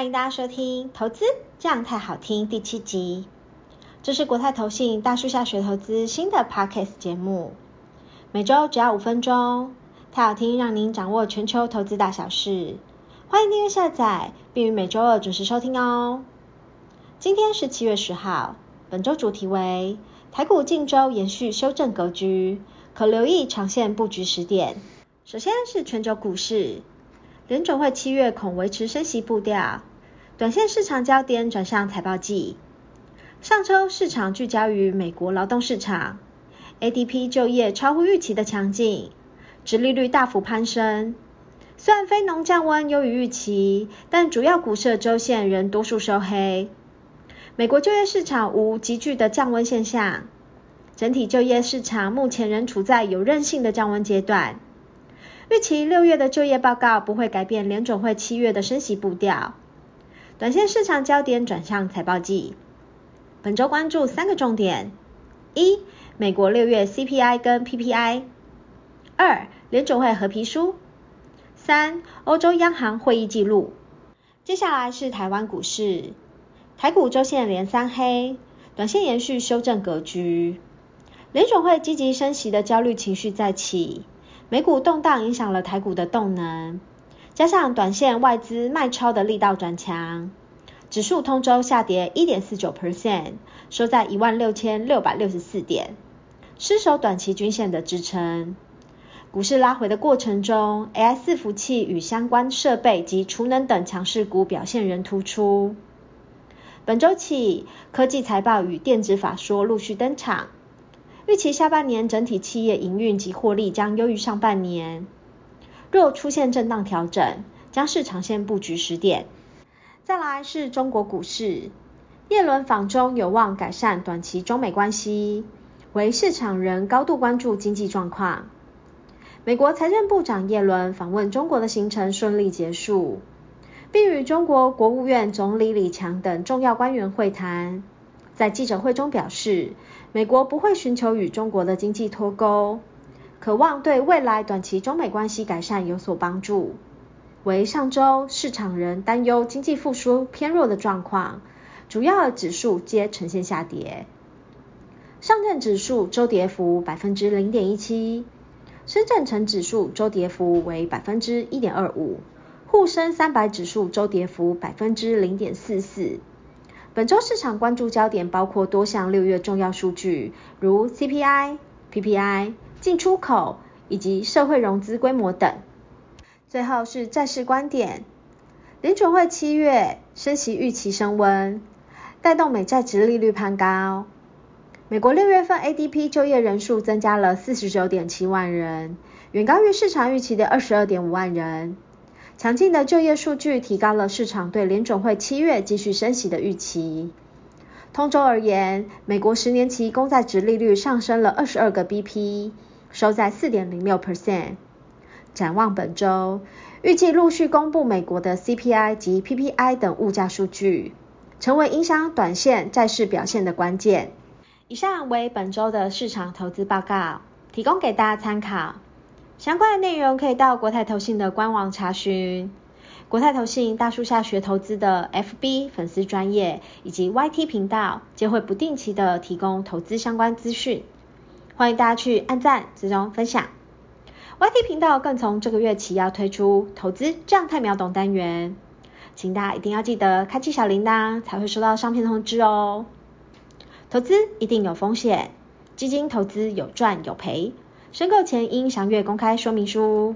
歡迎大家收聽《投資這樣太好聽》第七集，這是國泰投信大樹下學投資新的 Podcast 節目，每周只要五分鐘，太好聽，讓您掌握全球投資大小事。歡迎訂閱下載，並於每周二準時收聽哦。今天是七月十號，本周主題為台股近週延續修正格局，可留意長線布局時點。首先是全球股市，聯準會七月恐維持升息步調。短線市場焦點轉向財報季。上周市場聚焦於美國勞動市場，ADP 就業超乎預期的強勁，殖利率大幅攀升。雖然非農降溫優於預期，但主要股市周線仍多數收黑。美國就業市場無急劇的降溫現象，整體就業市場目前仍處在有韌性的降溫階段。預期六月的就業報告不會改變聯準會七月的升息步調。短線市場焦點轉向財報季，本周關注三個重點：一、美國六月 CPI 跟 PPI；二、聯準會褐皮書；三、歐洲央行會議記錄。接下來是台灣股市，台股週線連三黑，短線延續修正格局。聯準會積極升息的焦慮情緒再起，美股動盪影響了台股的動能。加上短線外資賣超的力道轉強，指數通週下跌1.49%，收在16,664點，失守短期均線的支撐。股市拉回的過程中，AI 伺服器與相關設備及儲能等強勢股表現仍突出。本周起，科技財報與電子法說陸續登場，預期下半年整體企業營運及獲利將優於上半年。若出現震盪調整，將是長線布局時點。再來是中國股市，葉倫訪中有望改善短期中美關係，惟市場仍高度關注經濟狀況。美國財政部長葉倫訪問中國的行程順利結束，並與中國國務院總理李強等重要官員會談，在記者會中表示，美國不會尋求與中國的經濟脫鈎。渴望對未來短期中美關係改善有所幫助。為上周市場人擔憂經濟復甦偏弱的狀況，主要指數皆呈現下跌。上證指數周跌幅百分之零點一七，深證成指數周跌幅為百分之一點二五，滬深三百指數周跌幅百分之零點四四。本周市場關注焦點包括多項六月重要數據，如 CPI、PPI。進出口以及社會融資規模等。最後是債市觀點，聯準會七月升息預期升溫，帶動美債殖利率攀高。美國六月份 ADP 就業人數增加了四十九點七萬人，遠高於市場預期的二十二點五萬人。強勁的就業數據提高了市場對聯準會七月繼續升息的預期。通常而言，美國十年期公債殖利率上升了二十二個 BP。收在四點零六 percent。展望本週，預計陸續公布美國的 CPI 及 PPI 等物價數據，成為影響短線債市表現的關鍵。以上為本週的市場投資報告，提供給大家參考。相關的內容可以到國泰投信的官網查詢。國泰投信大樹下學投資的 FB 粉絲專業以及 YT 頻道，皆會不定期的提供投資相關資訊。歡迎大家去按讚、之中分享。YT 頻道更從這個月起要推出投資這樣泰秒懂單元，請大家一定要記得開啟小鈴鐺，才會收到上片通知哦。投資一定有風險，基金投資有賺有賠，申購前應詳閱公開說明書。